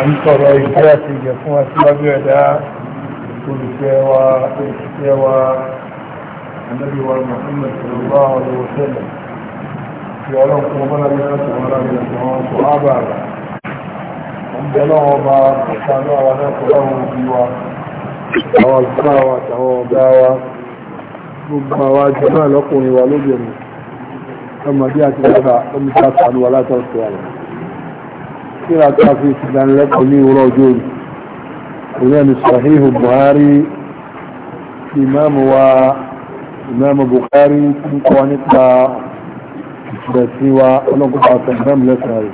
àǹtọ̀rọ̀ ìgbé àti ìyẹ̀ fún aṣíwájú ẹ̀dá olùfẹ́ wa olùfẹ́ wa ànábì wa Muhammad sallallahu alaihi wa sallam tí ọlọ́run fún ọmọ lábẹ́ láti wọn lábẹ́ láti wọn sọ lọ́wọ́ bá ìsànú àwọn akẹ́kọ̀ọ́ láwọn òbí wa àwọn àgbà wa àtàwọn ọ̀gá الى تعفيف بان لبني ورجل وذان صحيح البخاري امام و امام بخاري كونتا بسيوا ولو قطعت الهم لسهل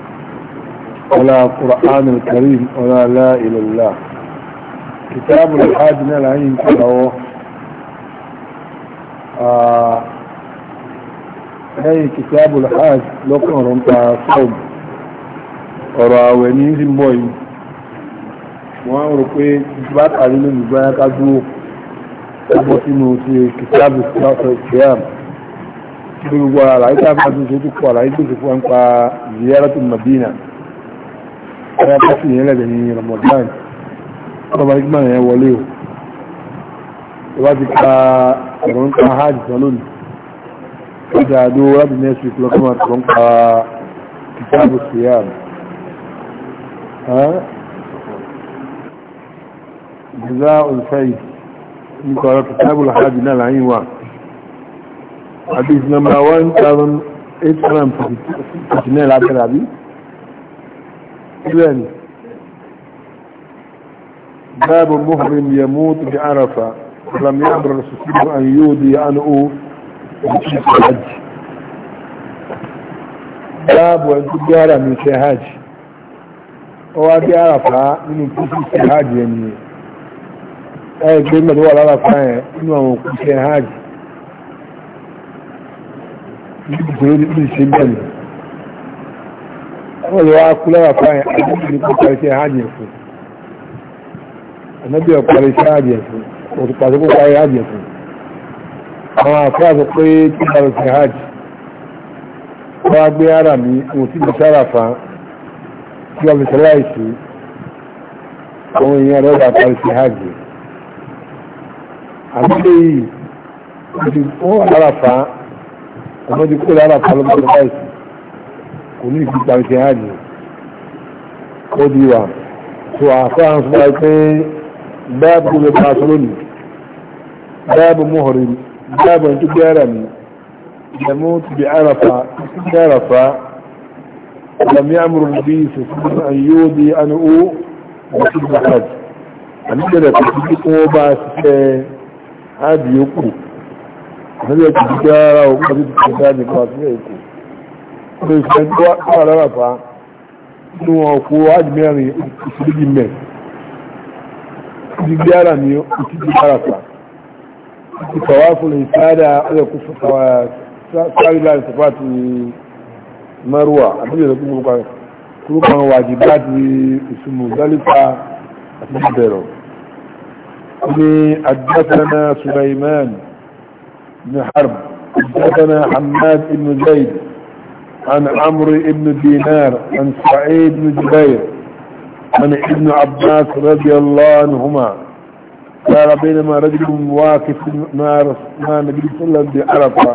ولا قرآن الكريم ولا لا إلى الله كتاب الحاج من العين آه، كتاب الحاج لو كنت رمتها ọ̀rọ̀ àwẹ̀ ní sí bọ̀ yìí wọ́n rò pé bá tàbí lónìí báyá ká dúró ọgbọ́ sínú ti kìtàbù kìtàbù kí gbogbo àlàyé tàbí àti ṣe tó kọ àlàyé tó ṣe fún wọn pa ziyara tó Madina ẹ̀yà bá sì yẹn lẹ́gbẹ̀ẹ́ ní Ramadan ọba ìgbà yẹn wọlé o ọba ti ka ọ̀rọ̀ ń pa hajj sọ lónìí ọjà àdó láti next week lọ́kọ́ máa tọ̀rọ̀ ń pa kìtàbù kìtàbù ها جزاء الفيل نقرأ كتاب الحادي نال عين واحد حديث نمبر 1859 العبد العبي ثاني باب المحرم يموت بعرفة لم يعبر رسوله أن يودي عنه الحج باب وانتجارة من شهاج ọwá dé àràfá nínú kúkú sí hajj ẹni ẹ̀ gbé mẹ́lú wà lárafá ẹ̀ nínú àwọn òkú sí hajj nígbìtòrò níbi ìṣe bẹ́ẹ̀ wọ́n lè wá kú lárafá ẹ̀ àdúgbò ní kó parí sí hajj ẹ̀fọ́ ẹ̀nẹ́bí ọ̀ parí sí hajj ẹ̀fọ́ òtù pàṣẹ kó parí hajj ẹ̀fọ́ àwọn àfáà sọ pé tí a bẹ̀tẹ̀ láìsí àwọn èèyàn rẹ̀ bá parí sí hajj àbúlé yìí ti ó àràfà àwọn ti kó àràfà lọ́gbọ̀n láìsí kò ní ìfi parí sí hajj ó di wà tó àfẹ́ àwọn sọ́dọ̀ pé báàbù lè pa aṣọ lónìí báàbù mọ́hùrì báàbù tó gbé àrà mi ìdàmú ti bí àràfà لم يأمر النبي صلى الله عليه وسلم أن يودي أنه وفي الحج àbíkẹ̀rẹ̀ kò sí kí wọ́n bá ṣiṣẹ́ áàdì yókù nílẹ̀ kò jíjẹ́ ara òkú àti ìpínlẹ̀ áàdì kan àti ilẹ̀ èkó ní ìṣẹ́ tó wà lára fa nínú ọkọ̀ áàdì mẹ́rin ìṣẹ́lẹ̀ mẹ́ jíjẹ́ ara ní ìṣẹ́lẹ̀ ara fa ìṣẹ́wà fún ìṣẹ́lẹ̀ ọ̀yẹ̀kú sáré láti sọ́fà àti mẹ́rùwà àbíyèsí kúrúkọ kúrúkọ wàjì láti ìsúnmù dálífà àti بن حرب حدثنا حماد بن زيد عن عمرو بن دينار عن سعيد بن جبير عن ابن عباس رضي الله عنهما قال بينما رجل واقف مع نبي صلى الله عليه وسلم بعرفه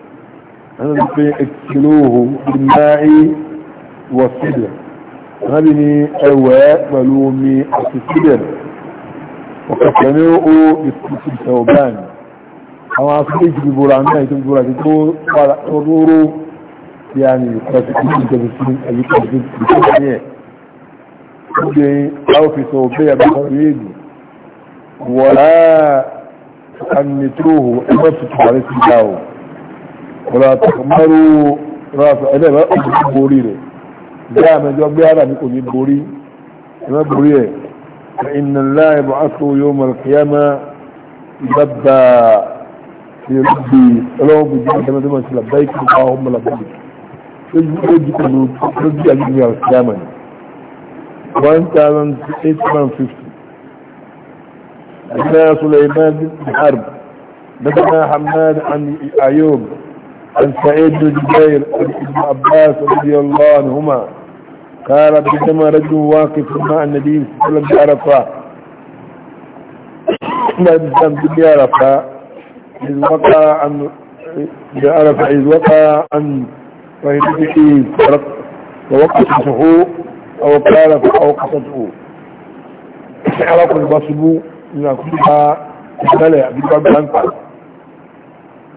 ẹni pé ìkìlóhù ìmáì wọ̀sílẹ̀ rábí ni ẹwẹ́ pẹ̀lú omi àti sílẹ̀ ọ̀kẹ̀kẹ̀ ní ó ìsìnkú ọ̀báyìn àwọn asílẹ̀ ìjìbìbòrà náà ìjìbìbòrà ti tó róró yàní pẹ̀lú wọ̀lá ẹni tó hù ẹgbẹ́ tuntun àrẹ́sì dáwọ̀ ولا تخمروا راس ادب بوري لي دائما جواب بها لم يكن بوري ما بوري فإن الله يبعثه يوم القيامة يبدا في ربي لو بجد كما دمت لبيك اللهم لبيك يجب أن ترجع جميع القيامة 1850 سليمان بن حرب حماد عن ايوب عن سعيد بن جبير ابن عباس رضي الله عنهما قال بينما رجل واقف مع النبي صلى الله عليه وسلم بعرفه النبي صلى الله عليه وسلم بعرفه إذ وقع عن بعرفه إذ وقع عن فهدته أو قال فأوقفته عرف البصب من كلها تبلع بالبعض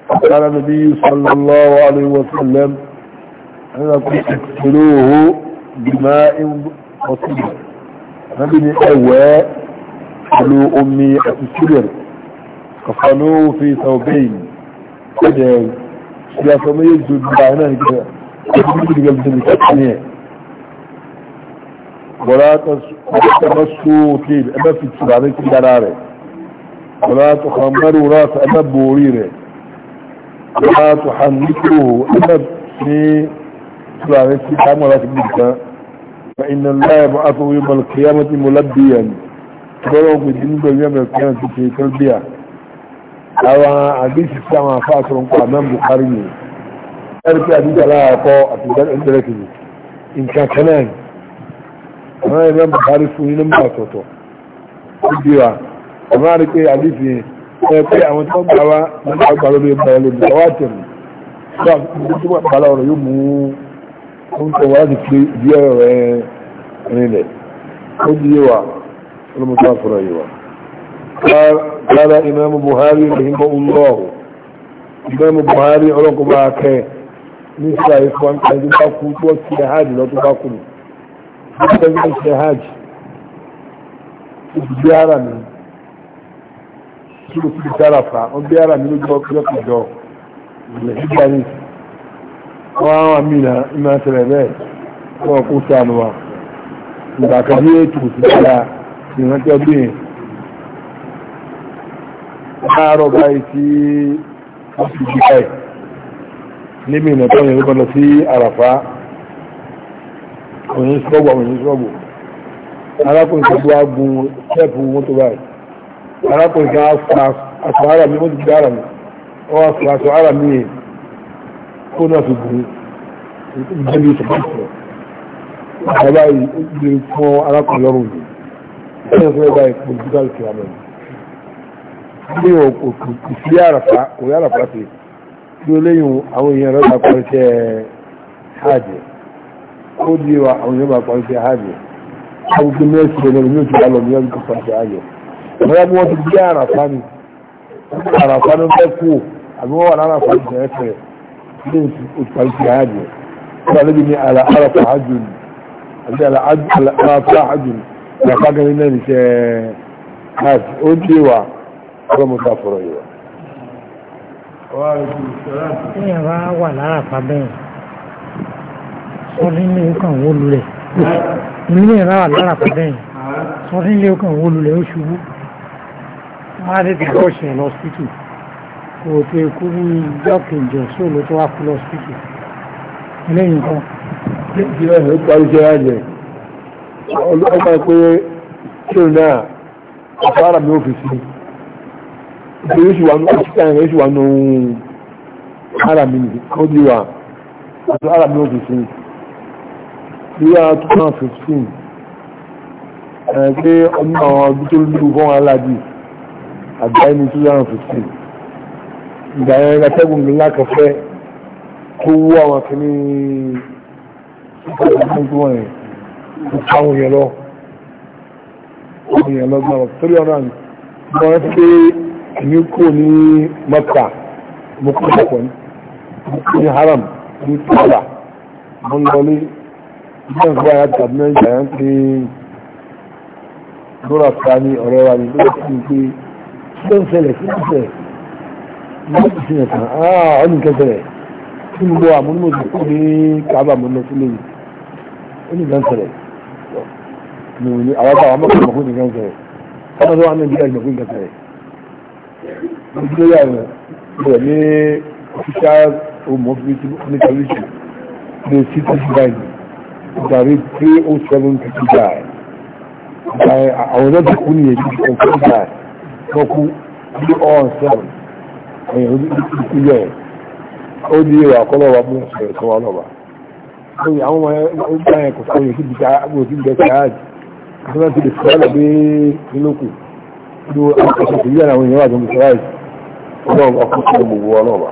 قال النبي صلى الله عليه وسلم أنا كنت أكسلوه بماء وصبر نبني أواء قالوا أمي أكسلر قفنوه في ثوبين كده يا سمي يجد بعنا كده ولا تمسوا طيب أما في السبعين كده ولا تخمروا راس أما بوريره لا تحنكه أبد في سلامة كام ولا تبنك فإن الله يبعثه يوم القيامة ملبيا فلو بدنك يوم القيامة في تلبية أو عديث السماء فاصل قامام بخاري أرجع عديث لا أقوى أتدار عند لكن إن كان كنان أنا إمام بخاري سنين ما أتوتو أبديها أما عديث pé àwọn tó gbà wá nípa àgbàrá lórí ìgbà lórí ìgbà wá tẹ̀lé tó ọrụ yóò mú ohun tó wà láti fi bí ọ̀rọ̀ rẹ̀ rinlẹ̀ ó di yé Lára Buhari Buhari tí mo fi dára fa wọ́n bí ara mi lójú ọkọ̀ lọ́kọ̀ jọ ilẹ̀ gíga ní wọ́n á wà mí náà ìmọ̀ àtẹ̀rẹ̀ bẹ́ẹ̀ wọ́n kó sànù wa ìgbà kan ní ètò ìsìnkà ìrántí ọdún yẹn láàárọ̀ báyìí tí wọ́n fi jí báyìí níbi ìnàtọ́ yẹn ló lọ sí àràfá òyìn sọ́gbọ̀ òyìn sọ́gbọ̀ arákùnrin tó gbọ́ agun ṣẹ́ẹ̀pù mọ́tò báyìí arákùnrin kan aṣọ ara mi wọ́n ti gbára mi wọ́n aṣọ aṣọ ara mi yẹn kó náà fi gùn ìjẹ́bi ìṣẹ̀kọ́sọ̀ bàbá ìgbè e fún arákùnrin lọ́rùn mi ẹ̀yẹ́ fún ẹgbà ìpò digital kìlámẹ̀ ní òkú ìfí àràfà kò rí àràfà sí tí ó lẹ́yìn àwọn èèyàn rẹ̀ bá parí iṣẹ́ hajj ó di wa àwọn èèyàn bá parí iṣẹ́ hajj àwọn gbogbo mẹ́sì ẹ̀lẹ́rìn yóò ti wà lọ ní ọdún kan parí iṣẹ́ wọ́n mú wọ́n ti bí àràfá ni àràfá ló fẹ́ kú àbí wọ́n wà láràfá ní ìjọ ẹ̀fẹ̀ ilé ìpàlù ti àádìẹ wọ́n alẹ́bí ní àràfá àjò ni àbí àràfá àjò ni àràfá gẹ́gẹ́ náà ní ṣe káàkiri ó dé wa ọlọ́mọta fọ̀rọ̀ yìí wa. Ẹ̀yà wa wà láràfá bẹ́ẹ̀ sọ́rí ní ọkàn wó lulẹ̀. Ìlú ẹ̀rọ wà láràfá bẹ́ẹ̀ sọ́rí ní ọkàn wó lulẹ̀ ó ṣubú wọ́n á tètè kọ́ọ̀ṣì lọ hospital kò tó ikú ní ìjọ kejì ọ̀ṣọ́ ló tó wá kú lọ hospital eléyìí kan. kí ló ń parí jẹ́ àjẹ́ ọlọ́gbà pé kí ló náà àfárà mi ò fi sí ìṣòro sì wà ní ọ̀ṣìkà rẹ̀ sì wà ní ohun ara mi nìyí kó di wa àti ara mi ò fi sí ìyá 2015 ẹ̀ pé ọdún ọdún tó lù fún aláàjì a ní 2015 ìgbà yẹn látẹ́gùn mi lákàfẹ́ kó wú àwọn akíní ìpàdánù wọn yẹn kó táwọn yẹn lọ àwọn yẹn lọ gbà wọn torí ọ̀nà mi mo rẹ́ pé èmi kò ní mọ́kà mo kó haram ní tààlà mo ń lọ ní ilé ìgbà yẹn tàbí náà ìgbà yẹn pé lóra ta ni ló ń ṣẹlẹ̀ sí ìṣẹ̀ láti ah ọdún kẹsẹ̀rẹ̀ tí mo lọ àmúlùmọ̀sí kó ní kábà mọ́ lọ́sí lóyún ó ní ìgbànsẹ̀rẹ̀ ní òní àwọn àwọn mọ́kànlá mọ́kànlá ìgbànsẹ̀rẹ̀ ọmọ tó wà ní ìgbà ìgbàgbọ́ ìgbànsẹ̀rẹ̀ ìgbàlóyà rẹ̀ bẹ̀rẹ̀ ní official home office ní kàlíṣì ní city bank ìgbàrí three oh seven fifty guy àwọn ọjọ́ ti kú nìyẹn ní ọ̀fẹ́ guy kọ́kú bí ọ̀n sẹ́wọ̀n ẹ̀yìn ojú ìpínlẹ̀ ó di èrò àkọlọ́wà fún ìṣẹ̀lẹ̀ tó wà lọ́wà lórí àwọn ọmọ ẹgbẹ́ ẹ̀kọ́ sọ́yìn sí ibi káàbò sí ibi káàdì àti láti lè sọ́yìn lọ bí nílòkù ló àkọsọ sí yàrá àwọn èèyàn àjọ mùsùlùmí ọlọ́run ọkọ̀ sí gbogbo ọlọ́wà.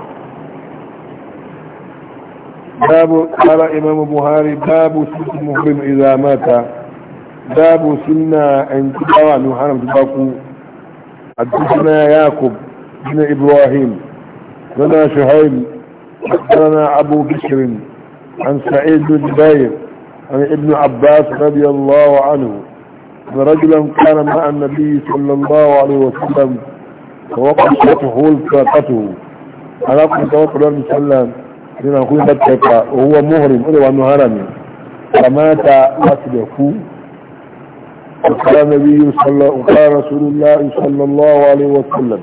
باب قال إمام بخاري باب سنة مهرم إذا مات باب سنة أن تبقى عن محرم تبقى حدثنا ياكب بن إبراهيم لنا شهيل حدثنا أبو بكر عن سعيد بن جبير عن ابن عباس رضي الله عنه أن رجلا كان مع النبي صلى الله عليه وسلم ووقفته الفاقته على قول صلى الله عليه وسلم لأنه يقول وهو مهرم إلى أنه هرمي فمات مسلكه وقال نبي صلى وقال رسول الله صلى الله عليه وسلم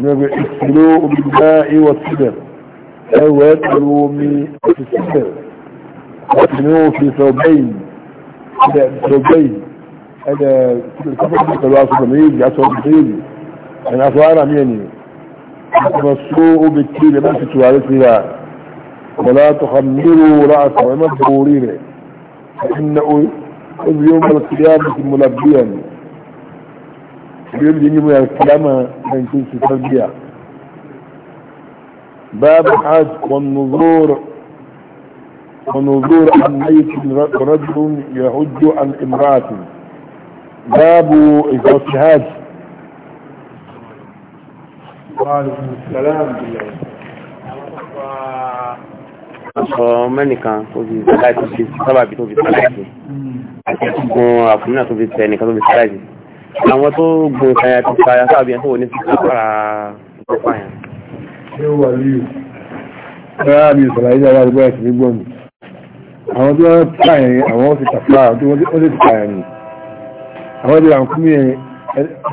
نبي اغسلوا بالماء والسدر أو يدعوا من السدر وقنوا في ثوبين هذا ثوبين هذا كفر الكفر تواصل مريض يعصر مريض أنا أصوار عميني تمسوا بالتيل ما في لا ولا تخمروا رأسه وما تبورينه فإنه يخرج يوم القيامة ملبيا يوم يوم القيامة من كل تربية باب حاج والنظور ونظور عن ميت رجل يهج عن امرأة باب إجراء وعليكم السلام بالله sọ mẹ́nìkan tó fi sáláìsì sábàbí tó fi sáláìsì àti gun àkùnrin náà tó fi tẹ̀ nìkan tó fi sáláìsì àwọn tó gun kanya ti sáyà sábàbí ẹ̀ tó wò ní sí sápàrà ìgbọ́pá yẹn. àwọn tí wọ́n pààyàn àwọn ti tàfà tí wọ́n ti pààyàn àwọn ti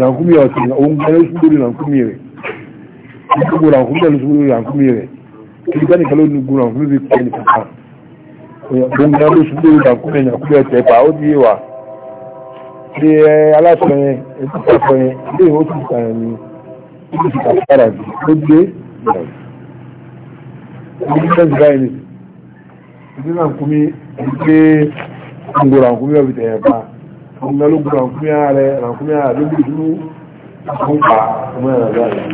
rànkúmí ọ̀sìn òun gbẹ́rẹ́ sùgbọ́n rànkúmí rẹ̀ gbogbo rẹ̀ kìí bẹ́ẹ̀ nìkan ló nu gun ọ̀hún níbi kìí ẹnì kankan òun náà ló ṣubú ìgbà kúrò ẹ̀yàn kúrò ẹ̀tẹ̀ pa ó di ìwà ṣe aláṣọ yẹn ètò ìfọ̀fọ̀ yẹn ilé ìwé oṣù kàn ní oṣù kàn padà bí ó dé ìlú fẹ́ǹsì báyìí ìdí náà kúmi ìdílé gbogbo rànkúmi ọ̀bì tẹ̀yẹ̀ pa òun náà ló gbogbo rànkúmi ààrẹ rànkúmi ààrẹ ló gbogbo ìdúró àkóńpà ọmọ ẹ̀rọ báyìí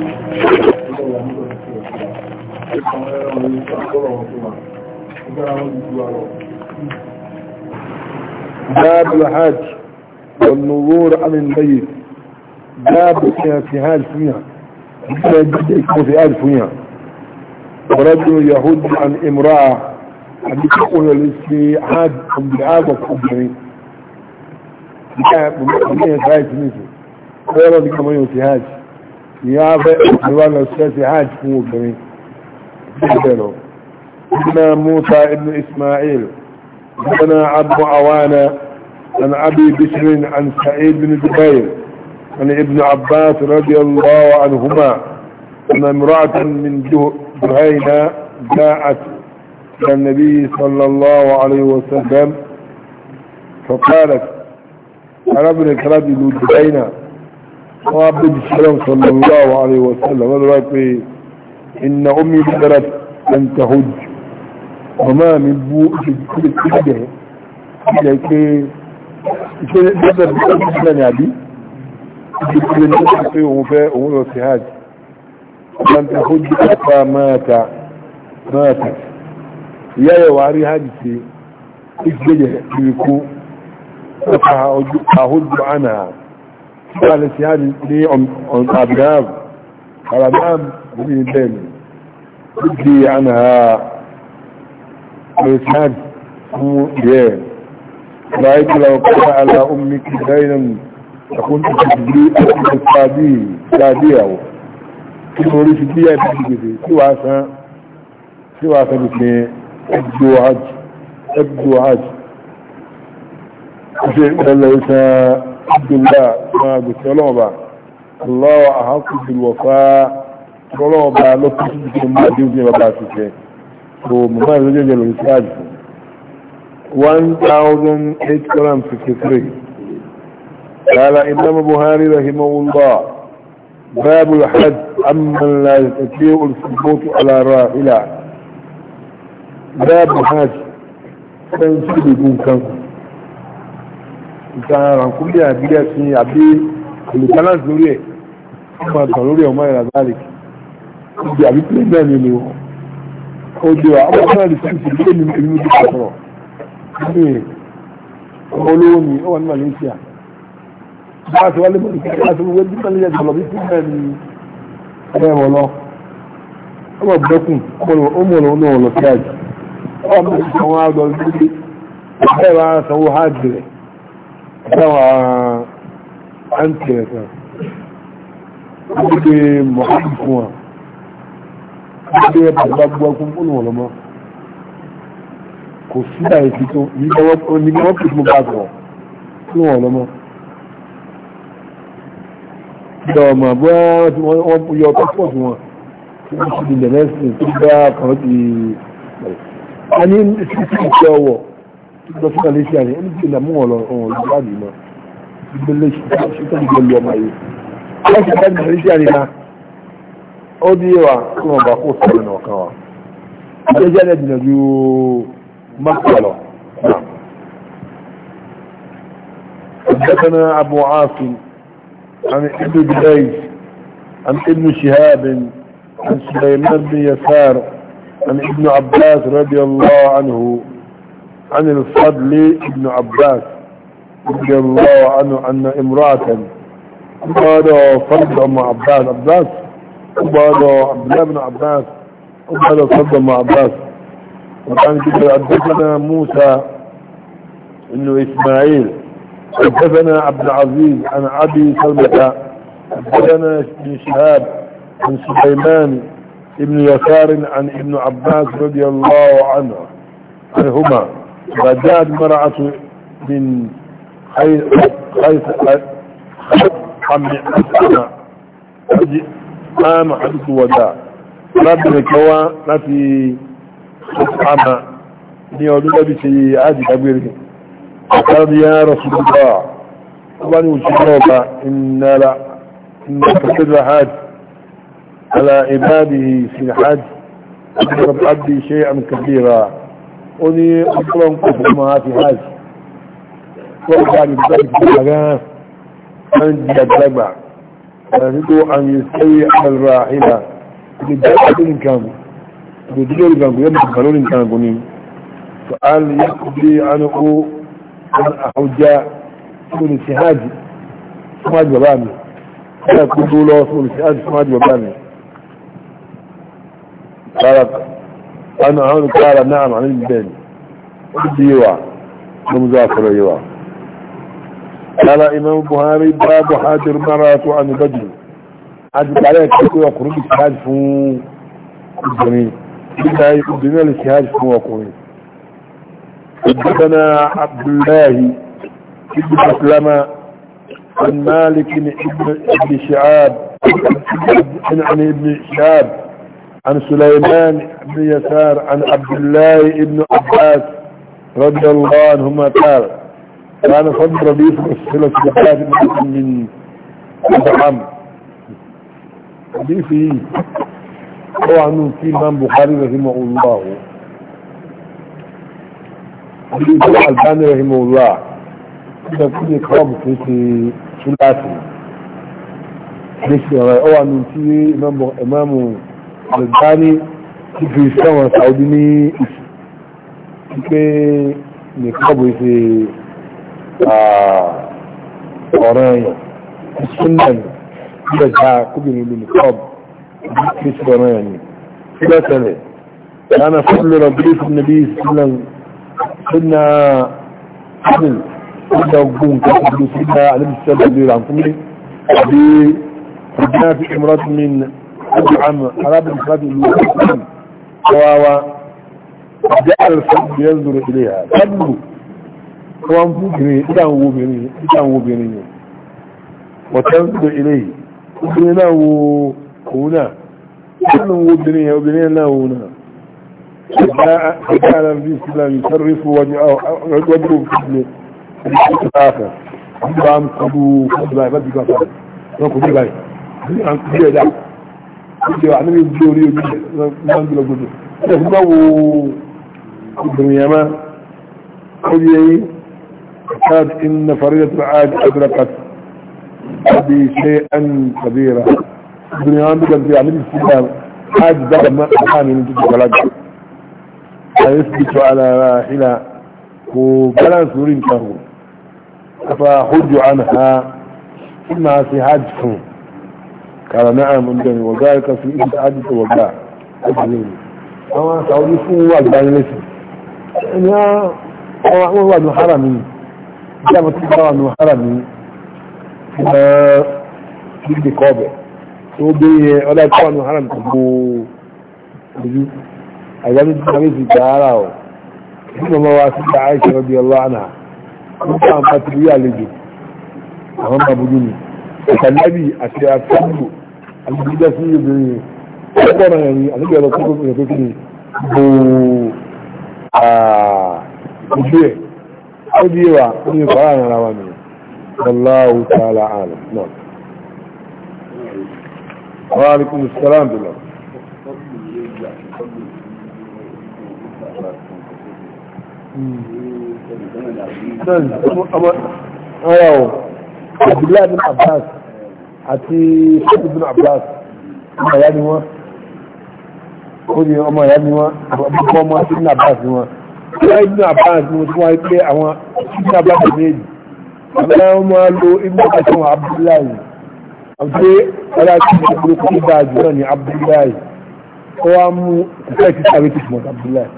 باب الحاج والنظور عن الميت باب في اجتهاد فيها اجتهاد فيها ورجل يهود عن امرأة حديث يقول الاستيعاد بالعاد والقبرين باب مبنية هاج مثل ويرى ذلك من يتهاج يا باب الوالد الساسي هاج فيه القبرين سيدنا ابن موسى ابن إسماعيل ابن عبد عوانا عن أبي بشر عن سعيد بن جبير عن ابن عباس رضي الله عنهما أن امرأة من جهينة جاءت إلى النبي صلى الله عليه وسلم فقالت أنا ابنك رجل جهينة وعبد السلام صلى الله عليه وسلم إن أمي بدرت أن تهج وما من بوء كل كده لكي بدر بدر يعني بدر بدر وفاء والوسهاد أن تهج حتى مات ماتت يا يا وعري هذه الجدة بيكو أهج عنها قالت هذه لي أم أبناب الأبناب بني ديني يبدي عنها لسان مؤيان رأيت لو كان على أمك دينا تكون تجري أكل الصادي صاديه كيف نريد بيها تجري سوى عسى سوى عسى بسنين أبدو عج أبدو عج أشياء الله يسا عبد الله ما قلت الله أحق بالوفاء kọ́lọ́ ọba lọ sí títí tó máa dé ojú bàbá àtúnṣe so mọ̀mọ́ ìlú jẹ́jẹ́ lórí sáàjì one thousand eight hundred and fifty three قال إمام بخاري رحمه الله باب الحج أمن لا يستطيع الثبوت على راحلة باب الحج تنسي بدون كنف ìtara kúlẹ̀ àbílẹ̀ sí àbí olùkálà lórí ẹ̀ ọmọ àtàn lórí ọmọ ìràbálẹ̀ ibi àbí náà ni ni wọ́n ọmọ náà lè fi èmi ní olówó ni a ti wá láti wọ́n fún bẹ́ẹ̀ ni ẹ̀ lọ ọmọ bí ẹ bàbá gbọ́ fún fóònù wọn lọ́mọ kò sí àyè sí tó ní bí wọ́n pè fún bá sọ̀rọ̀ fóònù wọn lọ́mọ. ìjọ ọmọ bọ́ wọ́n yọ passport wọn tí wọ́n sì lè lẹ́sìn tó bá kàn ti a ní sísè ìṣe ọwọ́ tó lọ sí malaysia ní ẹni tí ìlàmú wọn lọ ọ̀hún ìgbàlódé náà ìgbélé ṣùgbọ́n ṣùgbọ́n ìgbélé ọmọ yìí. aláṣẹ ìgbàlódé malaysia ni ó bí bá kó sọ̀rọ̀ ní ọ̀kan wa àdéjáde jìnà ju mọ́kà حدثنا أبو عاصم عن ابن جريج عن ابن شهاب عن سليمان بن يسار عن ابن عباس رضي الله عنه عن الفضل ابن عباس رضي الله عنه أن امرأة قال فرد أم عباس عباس عبد الله بن عباس وبعده صدى مع عباس وكان كده حدثنا موسى انه اسماعيل حدثنا عبد العزيز عن ابي سلمة حدثنا ابن شهاب عن سليمان ابن يسار عن ابن عباس رضي الله عنه عنهما فجاءت مرأة من خير خير خير àmà àdúgbò wọ̀dà arábìnrin kan wá láti àmà ní ọdún lẹ́bí ṣe ájìdágbére àkàrìyà rọ̀sùlùmọ́ ó bá ní òṣìṣẹ́ ọba ìnara ìnàkàtẹ́lá hajj على عباده في الحج أكبر عبدي شيئا كبيرا أني أكبر في حج وأكبر بذلك الحجاة من جد يجب أن يستوي على الراحلة لبعض كانوا بدلول كانوا يبقى كانوا فقال يقضي عنه عن أحجاء من السهاج سماج وبامي لا يقول له اسم السهاج سماج وبامي قالت أنا عون قال نعم عن البين قد يوا ومزافر يوا قال إمام البخاري باب حاجر مرات عن بدر حاجر عليك كيكو يقرب الشهاد فون الجميع بدها يقدنا للشهاد فوق وقوين حدثنا عبد الله ابن مسلمة عن مالك ابن ابن شعاب عن ابن شعاب عن سليمان بن يسار عن عبد الله ابن عباس رضي الله عنهما قال كان فضل ربيع في السلة جفاف من الدعم حديثه هو عنه في من بخاري رحمه الله حديث الألباني رحمه الله إذا كنت يقرب في ثلاثي هو عنه في إمام إمام الألباني في السنة السعودية في نقابه في ọ̀rọ̀ ẹ̀yàn ìsúnnàmì ìgbẹ̀ta kúbìnrin olùkọ́ọ̀bù ìgbẹ̀kìtì ọ̀rọ̀ ẹ̀yàn ni sílẹ̀tẹ̀lẹ̀ lánà fúnlẹ̀ rọ̀bí fún nàbí ìsúnnàm sínà ábìl sínà ogun kẹsìlú sínà alẹ́bìsẹ́lẹ̀ lè rànkúnlé àbí ìgbìyàn fi ìmúrọ́tí min abraham arábìnrin fúnlẹ̀ ìlú ọ̀sán kọwawa jẹ́ àrẹ̀sán yẹn zùrù ilé wọ́n ń búbìnrin ìdá àwọn obìnrin ìdá àwọn obìnrin yẹn ọ̀tẹ́ ń gbé ilé yìí obìnrin náà wo òun náà nínú obìnrin yẹn obìnrin náà wo náà ìdá alábi islam sọ́rí fún wájú ọgbọ́dọ̀ òfìsílẹ̀ ìdí tó tó káàkà ń bá ń kúrú fún ìbáyìí bá ti كان إن فريضة العاج أدركت أبي شيئا كبيرا بنيان بجد يعني بسيطان عاد بقى ما أحاني من جدك لك فيثبت على راحلة وبلا سورين كهو فحج عنها ثم سهاجهم قال نعم عندني وذلك في إبت عادة وقاع أجلين فما سعودي فوق أجبان لسي إنها هو الله حرمي ìjábọ̀ tí bá wà ní ọ̀hárà ní ìgbè kọ́ọ̀bẹ̀ tó gbé yẹ ọlá tí wà ní ọ̀hárà ní gbogbo ojú àyájú tí wọ́n fi gbà ara ọ̀ tí wọ́n máa wá sí ìgbà àìsàn rọ́bì ọlọ́ àná wọ́n fà ń bá ti rí àlejò àwọn máa àti àtúntò àlejò sí obìnrin ọgbọ́n náà ní àlejò ọlọ́kọ́ tó fi hàn pé kí ni ẹ̀ ó bí wà ní ìfàrà ara wa nìyàn wallahu ta'ala alam náà wa alaikum salam bí lọ hmm. ara o abdullahi bin abbas àti sọ́dọ̀ bin abbas ọmọ ìyá ni wọ́n ọmọ ìyá ni wọ́n ọmọ ìyá ni wọ́n ìyá ibùdó àbáàdì mo tún wáyé pé àwọn ibùdó àbáàdì méjì àwọn ọmọ lo ibùdó àbáàdì wọn abdullahi àti ọlá tí ó kúrò kó bá jù náà ní abdullahi ó wá mú ìfẹ́ ti sáré tó mọ̀ abdullahi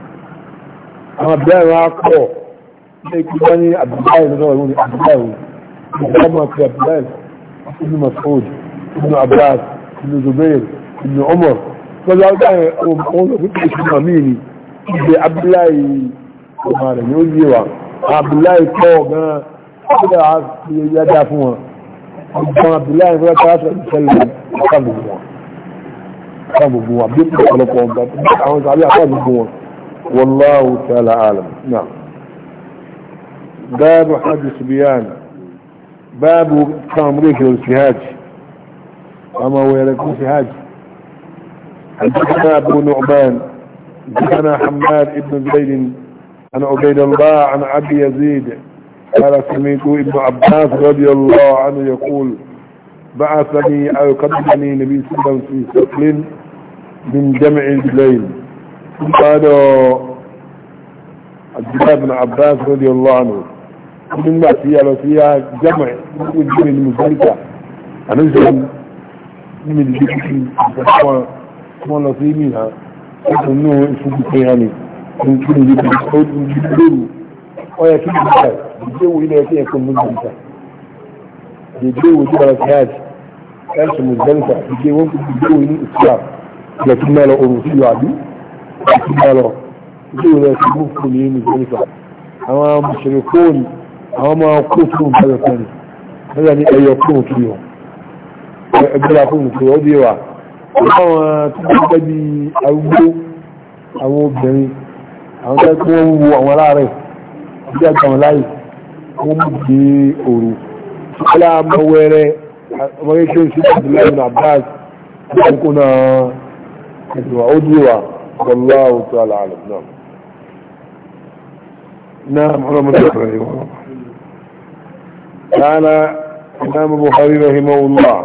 àwọn abdullahi wọn á pọ̀ ní ikú wọn ní abdullahi lọ́wọ́ ìwọ̀n ní abdullahi wọn ìgbà máa pe abdullahi ibn Mas'ud ibn Abbas ibn Zubair ibn Umar lọ́jọ́ abdullahi wọn ò lọ pípé ìṣúná míì ni ìgbé abdullahi ọmọ rẹ̀ yóò yé wa abdullahi kọ́ gan-an ọjọ́ àti yájá fún wọn ọgbọ́n abdullahi fẹ́ káàkiri ìṣẹ́lẹ̀ ọ̀kàgbogbo wọn ọ̀kàgbogbo wọn bí i ọ̀pọ̀lọpọ̀ ọgbà àwọn sàbí àkàgbogbo wọn wallahu ta'ala alam náà báàbù hajj subiyan báàbù kan mú kékeré sí hajj ọmọ wẹ̀rẹ̀ kú sí hajj حدثنا أبو نعمان حدثنا حماد بن زيد عن عبيد الله عن عبد يزيد قال سميت ابن عباس رضي الله عنه يقول بعثني أو قدمني نبي صلى الله عليه وسلم في سفر من جمع الليل قال عبد الله بن عباس رضي الله عنه من ما فيها لو فيها جمع من المزلفة أنزل من الجبل ثم نصيبها أنه يسوق فيها kun kiri yi kun ko dun ji lóru ọ yẹ kí ni ká dìde wo ilé ẹkẹ ẹkọ mú jù ká dìde wo jùlọ káàdì ẹsùn mú jẹun ká dìde wọn kò dìde wo ní islam yẹ kí mẹlọ ọrùn sí wa bí yẹ kí mẹlọ dìde wo ẹsùn àwọn tẹ́ tó wọ́n wo àwọn aláàrẹ̀ bí àgbà láì wọ́n mú bí òru aláàmọ́wẹ́rẹ́ mọ́wẹ́rẹ́ ọmọdé tó ń sí abdullahi abbas bí náà ẹ̀dùnwá ó dúró wa wallahu ta'ala náà náà mọ́nà قال الإمام البخاري رحمه الله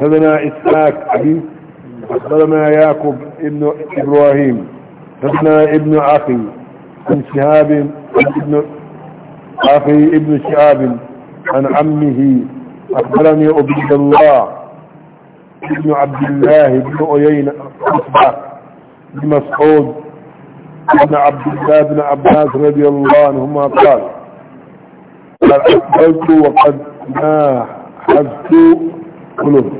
حدثنا إسحاق أبي أخبرنا يعقوب ابن إبراهيم حدثنا ابن اخي ابن شهاب ابن اخي ابن شهاب عن عمه اخبرني عبد الله ابن عبد الله بن عيين اصبح بن مسعود ابن عبد الله بن عباس رضي الله عنهما قال قد اقبلت وقد ما حزت قلوب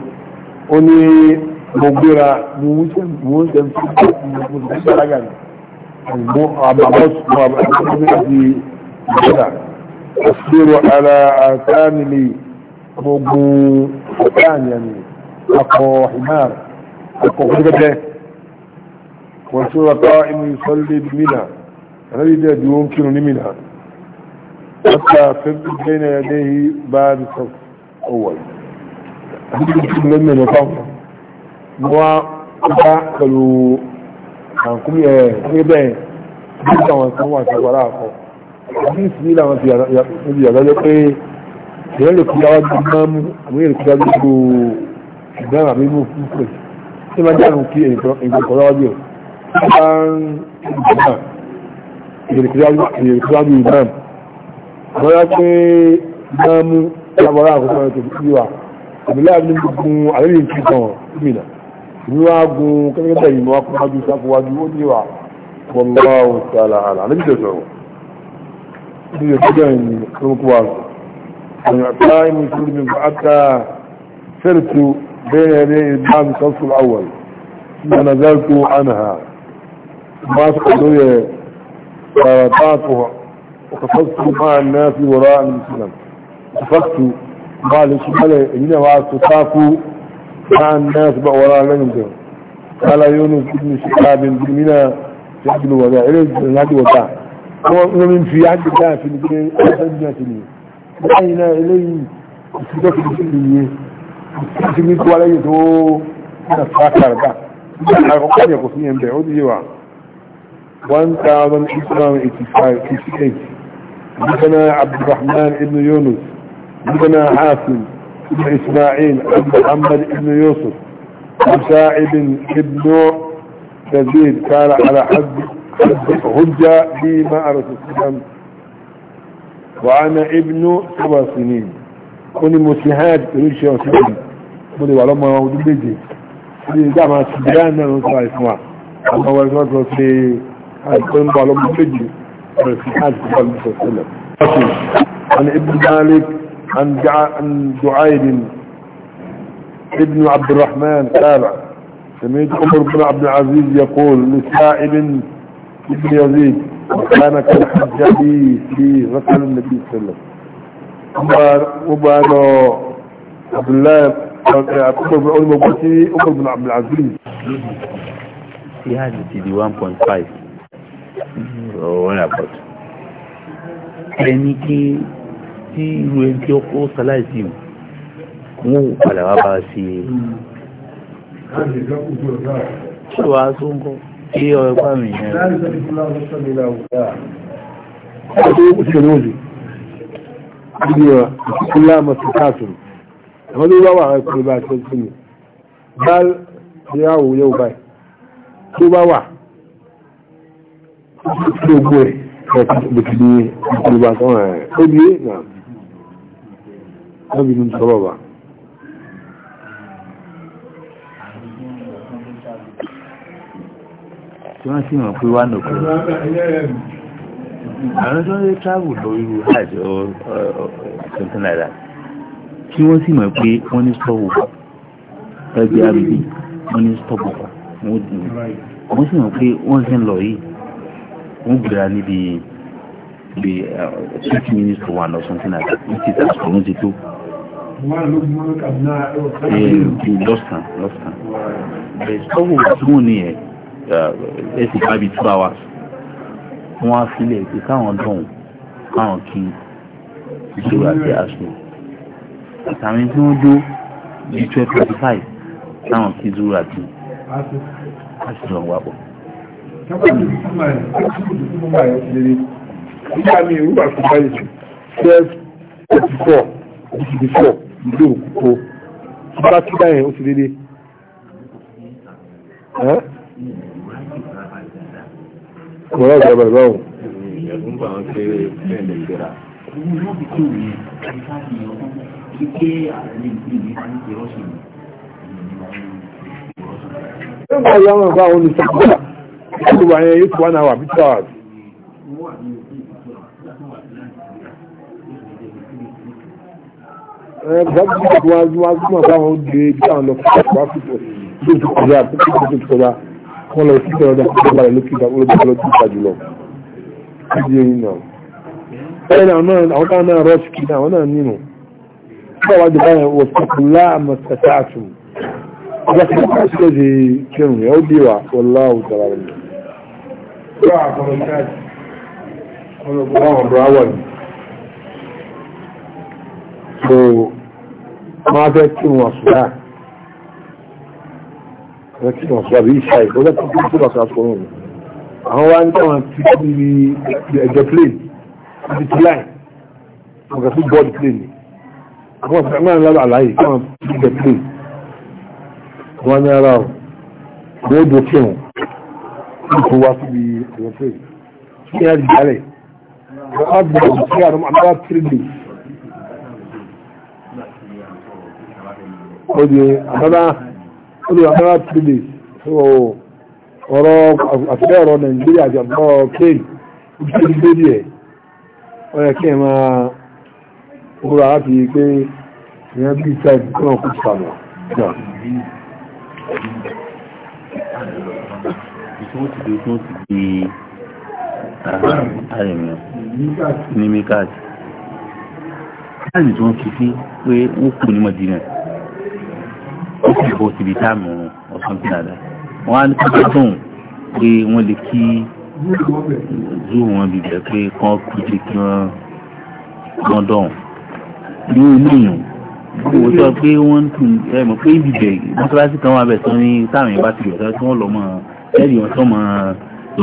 اني mo gbéra mo wúṣẹ́ mo wúṣẹ́ mo ti fi sára gàdì mo àbàbọ̀ mo àbàbọ̀ mo ti gbéra asúrò ara àtànílé mo gun àtàníyàní akọ himar akọ gẹ́gẹ́ wọ́n tó rà tó inú ìsọ́lẹ̀ mìíràn rẹ̀ dẹ̀ dúró ń kírun ní mìíràn حتى فرد بين يديه بعد صف أول. هذه كلمة مطاوعة. wọ́n bá pẹ̀lú àǹkúmí ẹ̀ ní bẹ́ẹ̀ bí àwọn kan wà tí wọ́n láàkọ́ bí ìsìnkú làwọn ti yàgbẹ́jọ́ pé èèyàn lè kúrò àwọn gbogbo mú àwọn èèyàn kúrò gbogbo ìgbọ́n àmì mú fún pé tí wọ́n jáàrùn kí èèyàn kọ̀ lọ́wọ́ bí ó bá ń gbọ́n èèyàn kúrò àwọn ìgbọ́n wọ́n yá pé gbọ́n mú lábọ́rá àkókò inú aagun kẹ́kẹ́ bẹ́ẹ̀ yìí wá fúnwájú sáfúnwájú ó ní wa wọláwó sàlà àlà níbi tó sọ̀rọ̀ níbi tó sọ̀rọ̀ yìí kúrúkú wa sọ àwọn àtà ìmú ìṣòro mi àtà sẹ́rìtù bẹ́ẹ̀ yẹn ní ìbáàmì sọ́sù àwọn ìgbàna zẹ́rìtù ànàhà ما سقطوا فرطاتها وقفزت مع الناس وراء المسلم قفزت قال شمالي إنه وعاد تتاكو كان الناس بقى وراء لنجم قال يونس بن شهاب بن منى في عبد الوداع إليه بن عبد الوداع ومن في عبد الله في مدينة أبنى سنين دعينا إليه السدوك الجلية السدوك وليته نفاكر بقى الحقوقات يقصني بعود يوعى وانت ايضا اسلام اتفاق حدثنا عبد الرحمن بن يونس حدثنا عاصم بن إسماعيل بن محمد بن يوسف مساعد بن يزيد كان على حد هجة بما أرسل السلام وأنا ابن سبع سنين كوني مسيحات تريد شيء وسلم كوني ولما موجود بيجي كوني دعما سبيان نصر إسماع أما ورسول الله في كوني ولما بيجي مسيحات تريد شيء وسلم أنا ابن مالك عن عن دعيل ابن عبد الرحمن تابع سميت عمر بن عبد العزيز يقول لسائل ابن يزيد وكان كالحجابي في رسل النبي صلى الله عليه وسلم وبعد عبد الله عمر بن عمر عمر بن عبد العزيز في هذا تي 1.5 ولا يعني كي tí irú ẹni tí ó sàláìsí wọn ò padà wá bá ṣe ṣe wá tó ń kọ́ kí ọ̀rẹ́ pa mi yẹn. àwọn ló wá wà àwọn ìpínlẹ̀ ṣe ń mi. Bá ṣe àwò yóò báyìí, tó bá wà, ó gbogbo ẹ̀ kọ̀ọ̀kan bùtù ní ìpínlẹ̀ bá ṣe ń rẹ̀. Ó di é náà níbi ní sọ́rọ̀ bá tí wọ́n sì mọ̀ pé wà nùkú àwọn tó ń lé travel lọ irú hajj or something like that tí wọ́n sì mọ̀ pé wọ́n ní stop ẹgbẹ́ àbíbí wọ́n ní stop wọ́n sì mọ̀ pé wọ́n sì ń lọ yìí wọ́n gbéra níbi be uh, 50 minutes to one or something like that. It is lọ́sàn lọ́sàn ìṣòwò tí wọ́n ní ẹ̀ ẹ̀sì bá bí two hours wọ́n á sílẹ̀ pé káwọn dọ̀hùn káwọn kí ìṣòro àti aṣọ àtàwọn tí wọ́n dó ní twelve forty five káwọn kí zuru àti aṣọ lọ́wọ́ àpọ̀. Nígbà mi ìrúbà fún báyìí twelve forty four fifty four ìlú òkúkó tí bá kí báyẹn ó ti dédé ọ̀rọ̀ ọ̀gá bàbá báwọn. ẹ̀gbọ́n bá wọn ṣe bẹ́ẹ̀ lè gbéra. nígbà yàrá báwọn ní sàkóso ìṣèlú wa yẹn yóò tún wá náà wà bí tààtì. gbàgbé eh, tó wájú wájú náà báwọn gbé bí àwọn lọ fún ọgbà fífọ tó ti kọjá tó ti kọjá tó ti kọjá wọn lọ sí ìṣẹ̀lẹ̀ ọjà tó ti balẹ̀ lókè ìdáwó lókè lọ tó ti jùlọ. ìdí èyí náà bẹ́ẹ̀ náà náà àwọn náà náà rọ́ọ̀ṣì kì náà àwọn náà nínú. bá wàá jẹ báyẹn wọ́n fẹ́ kí wọn ṣùgbà wọ́n kí wọn ṣùgbà bí ìṣà ìkọ́ lẹ́kọ̀ọ́ tó tó bàtà sọ̀rọ̀ mi àwọn wá ní káwọn ti kọ́ bí ẹ̀jẹ̀ plane ti ti láì wọ́n kà sí bọ́ọ̀dì plane àwọn ọ̀sán náà lára àlàyé káwọn ti ẹ̀jẹ̀ plane wọ́n ní ara ọ̀ wọ́n dò kí wọn kí kò wá síbi ẹ̀jẹ̀ plane kí ni a jálẹ̀ ó di àbábá ó di àbábá three days so ọ̀rọ̀ àfẹ́ ọ̀rọ̀ nàìjíríà àti àbúrò kéèlì ó ti di lórí ẹ̀ ó yẹ kí ẹ máa múra láti pé ìyẹn bí time kí náà. ìṣòwò ti di ìṣòwò ti di àrẹ̀mìyàn ah, ní mikati láti tí wọ́n fi ó sì kó síbi táàmù ọ̀sán tí nàdá wọ́n á ní kọ́kọ́ tóun pé wọ́n lè kí zoo wọn bìbẹ̀ pé kán kú jẹ́ kí wọ́n dọ̀hùn ní eléyìí kò sọ pé wọ́n tù ẹ mọ̀ pé ibìbẹ̀ mọ́sálásí kan wà bẹ̀ sọ ní táwọn yẹn bá ti yọ̀ sọ wọ́n lọ́ mọ́ ẹ̀rí wọn sọ mọ́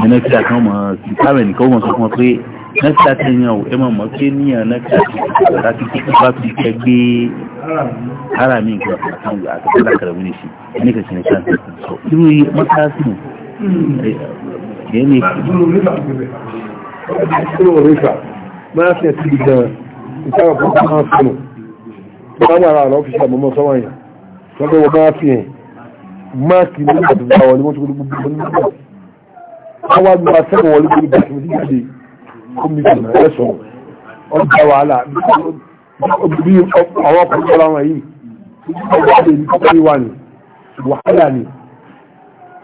ẹ̀nẹ́kíra kan mọ́ sí táwọn ẹnìkan ó mọ̀ sọ fún wọn pé nẹ́kítà tí yàn ò ẹmọ mọ̀ pé níyàn nẹ́kítà tí ìjọba ti kí bá fi kẹ́ gbé ara mi nǹkan kan wù àtàkùn lákàrà wí nìṣí ẹni kẹsì ní sáà sọ irú mọ́sáàsì yẹn ní ìpínlẹ̀. máa fi ẹ̀sìn ìjọba ìtàwọn púpọ̀ máa sọnù bá wà ara àwọn ọ́fíìsì àmọ́mọ́ sọ́wọ́ yẹn lọ́gbẹ́ wọn máa fi ẹ̀ máàkì ní ìgbà tó bá wọn ni wọ́n ti kó gbogbo wọn nígbà kọ́míṣọ̀nà ẹ̀sọ̀ ọjà wàhálà bí àwọn ọkùnrin tọ́lá wọn yìí ọjà lè ní kọ́kọ́rí wà ní wàhálà ní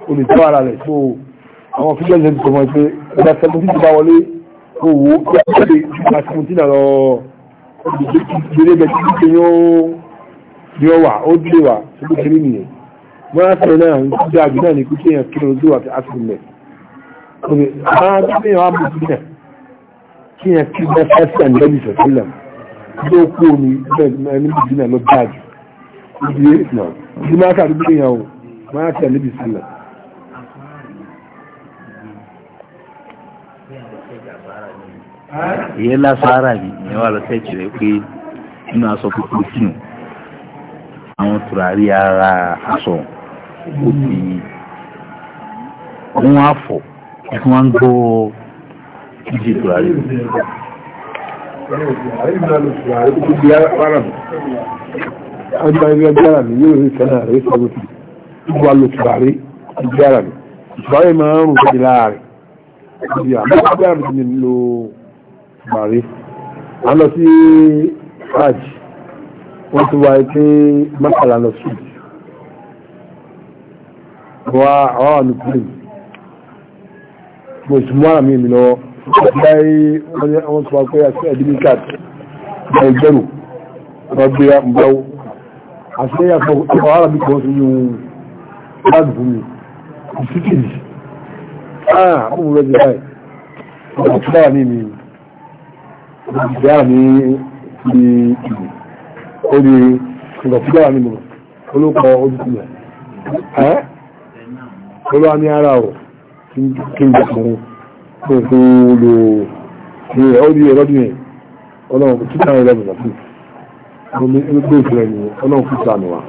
olùtọ́ ara rẹ̀ tó àwọn fíjọ́ ìṣẹ́ tó mọ̀ pé ọjà sẹ́mùtì ti bá wọlé owó kí wọ́n lè gba sẹ́mùtì náà lọ gbèrègbè tí kí yóò ní ọwà ó dé wà tó bó kiri nìyẹn wọ́n á sọ̀rọ̀ náà ní kí àgbẹ̀ náà ní kí èèyàn kí ló dé wà àti àsìkò mẹ́ kí ẹ fi bẹ́ fẹ́sẹ̀ lẹ́yìn ìṣẹ̀sílẹ̀ ló kú omi ẹni bìbí náà ló dájú ibi náà ibi máa kà dúdú ìyàwó máa tẹ̀ níbi sílẹ̀ ìyẹn lásàárà ni ìyẹn wà lọ́sẹ̀ jìrẹ́ pé nínú aṣọ púpọ̀ sínú àwọn tùràrí ara aṣọ ó ti wọ́n á fọ̀ ẹ̀kún wá gbọ́ ìjì ìtùràrí ọjọ́ ilé agbára mi yóò rí kanáà rẹ̀ sọ́gbọ́n sí ìgbà lò tùràrí agbára mi ìtùràrí máa ń rùn sí láàrin ìdí lo tùràrí a lọ sí hajj wọ́n ti wáyé pé mọ́kànlá lọ sí wọ́n àwọn àmì pílẹ̀ mo sì àmì mi lọ́wọ́ láyé wọ́n tó wá pé àti ẹ̀dínní káàkiri ẹ̀ gbẹ́rù wọ́n gbé mbáwó àti ẹ̀yà fún ọkọ̀ arábí kan ah ọmọ rẹ̀ jẹ́ báyìí ọkọ̀ tó dára ní mi ìdára ní ní ìlú ó ní ọkọ̀ tó dára ní mi olókọ̀ ojúkú rẹ̀ ẹ́ olóhà ní ara ọ̀ kí n jẹ́ fún kò tó lò ní ọdí ẹlọ́dún yẹn ọlọ́run kò tún náà rẹ̀ lọ́dún náà fún un gbogbo ìṣẹ̀lẹ̀ nìyẹn ọlọ́run fún